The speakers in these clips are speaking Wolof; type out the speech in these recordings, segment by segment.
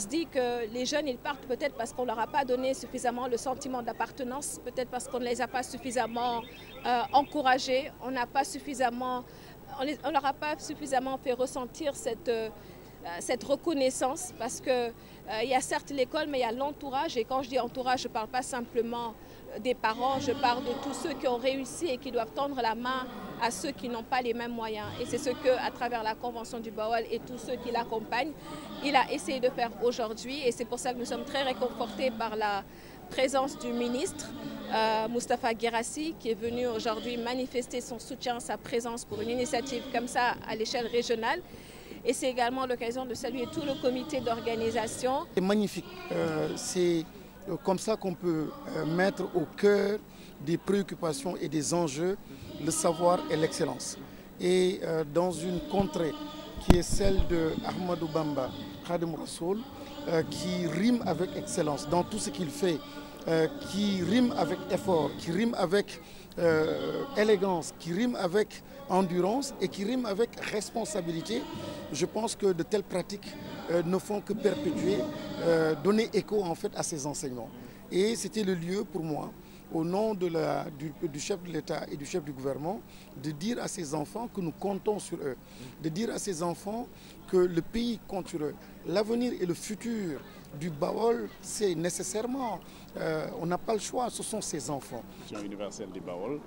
se dit que les jeunes, ils partent peut-être parce qu'on ne leur a pas donné suffisamment le sentiment d'appartenance, peut-être parce qu'on ne les a pas suffisamment euh, encouragés, on n'a pas suffisamment, on ne leur a pas suffisamment fait ressentir euh, cette... reconnaissance parce que euh, il y a certes l'école mais il y a l'entourage et quand je dis entourage je ne parle pas simplement euh, des parents, je parle de tous ceux qui ont réussi et qui doivent tendre la main à ceux qui n'ont pas les mêmes moyens. Et c'est ce que, à travers la Convention du Bawal et tous ceux qui l'accompagnent, il a essayé de faire aujourd'hui. Et c'est pour ça que nous sommes très réconfortés par la présence du ministre euh, Moustapha qui est venu aujourd'hui manifester son soutien, sa présence pour une initiative comme ça à l'échelle régionale. Et c'est également l'occasion de saluer tout le comité d'organisation. C'est magnifique. Euh, Euh, comme ça qu'on peut euh, mettre au cœur des préoccupations et des enjeux le savoir et l'excellence. Et euh, dans une contrée qui est celle de Ahmadou Bamba, Khadim Rassoul, qui rime avec excellence dans tout ce qu'il fait euh, qui rime avec effort, qui rime avec euh, élégance, qui rime avec endurance et qui rime avec responsabilité, je pense que de telles pratiques euh, ne font que perpétuer, euh, donner écho en fait à ces enseignements. Et c'était le lieu pour moi au nom de la, du, du chef de l'État et du chef du gouvernement, de dire à ces enfants que nous comptons sur eux, de dire à ces enfants que le pays compte sur eux. L'avenir et le futur du Baol, c'est nécessairement, euh, on n'a pas le choix, ce sont ces enfants. L'éducation universelle du Baol,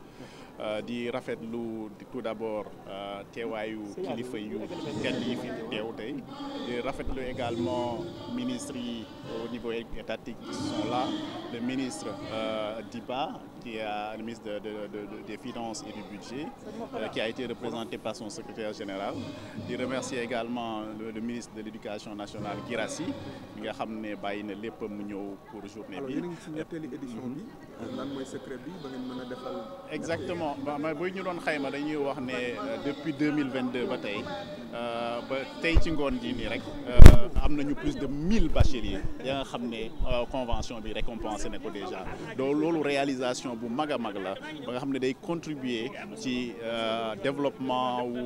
euh, di rafetlu tout d'abord euh, teewaayu kilifa yu tedd yi fi teew tey di rafetlu également ministres yi au niveau étatique qui le ministre euh, Diba qui est euh, le ministre de, de, de, des Finances et du Budget euh, qui a été représenté par son secrétaire général di remercie également le, le ministre de l'Éducation nationale Guirassy mi nga xam ne bàyyi na lépp mu ñëw pour journée bi. alors yéen a ngi ci ñetteelu édition bi. Mhm. lan mooy secret bi ba ngeen mën a defal exactement ma bu ñu doon xayma dañuy wax ne euh, depuis deux mille vingt deux ba tey euh, ba tey ci ngoon ji nii rek euh, am nañu plus de mille bacheliers ya nga xam ne convention bi récompensé na ko déjà donc loolu réalisation bu mag a mag la ba nga xam ne day contribuer ci développement wu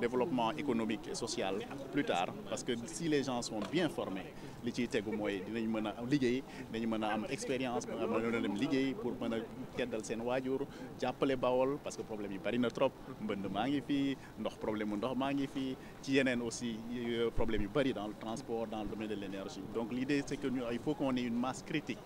développement économique et social plus tard parce que si les gens sont bien formés li ci tegu mooy dinañ mën a liggéey dañu mën a am expérience ba nga mën a dem liggéey pour mën a teddal seen waajur jàppale Bawol parce que problème yi bari na trop mbënd maa ngi fii ndox problème mu ndox maa ngi fii ci yeneen aussi euh, problème yu bari dans le transport dans le domaine de l'énergie donc l'idée c'est que ñu il masse critique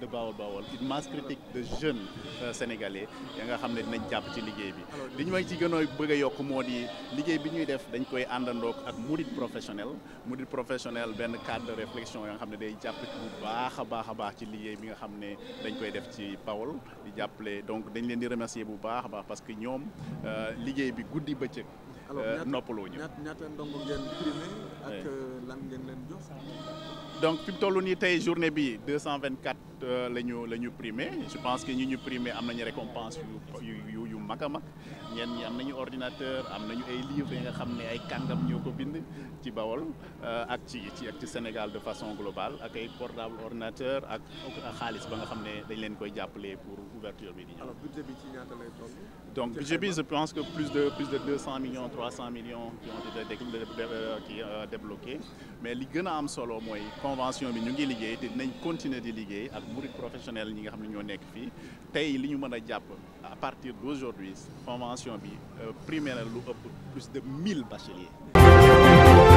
de Baol Baol une masse critique de jeunes euh, sénégalais ya nga xam ne dinañ jàpp ci liggéey bi li ñu may ci gën a bëgg a yokk moo di liggéey bi ñuy def dañ koy àndandoog ak murid professionnel murid professionnel benn cadre de réflexion ya xam ne day jàpp bu baax a baax a baax ci liggéey bi nga xam ne dañ koy def ci Baol di jàppale donc dañ leen di remercier bu baax a baax parce que ñoom euh, liggéey bi guddi bëccëg Euh, noppaluwu ñu. ñaata ndongo ngeen primé ak euh, lan leen jox. donc fi mu toll nii tey journée bi 224 euh, la ñu la ñu primé je pense que ñu ñu primé am nañu récompense yu yu yu mag a mag ñenn ñi am nañu ordinateur am nañu ay livres nga xam ne ay kàngam ñoo ko bind ci Bawol ak ci ci ak ci Sénégal de façon globale ak ay portable ordinateur ak xaalis ba nga xam ne dañ leen koy jàppale pour ouverture bi di ñëw. alors budget bi ci ñaata lay toll. donc budget bi je pense que plus de plus 300 millions qui ont euh, euh, débloqués mais li gën a am solo mooy convention bi ñu ngi liggéey te dinañ continuer di liggéey ak murid professionnel ñi nga xam ne ñoo nekk fii tey li ñu mën a jàpp à partir d'aujourd'hui convention bi euh, primé lu ëpp plus de mille bacheliers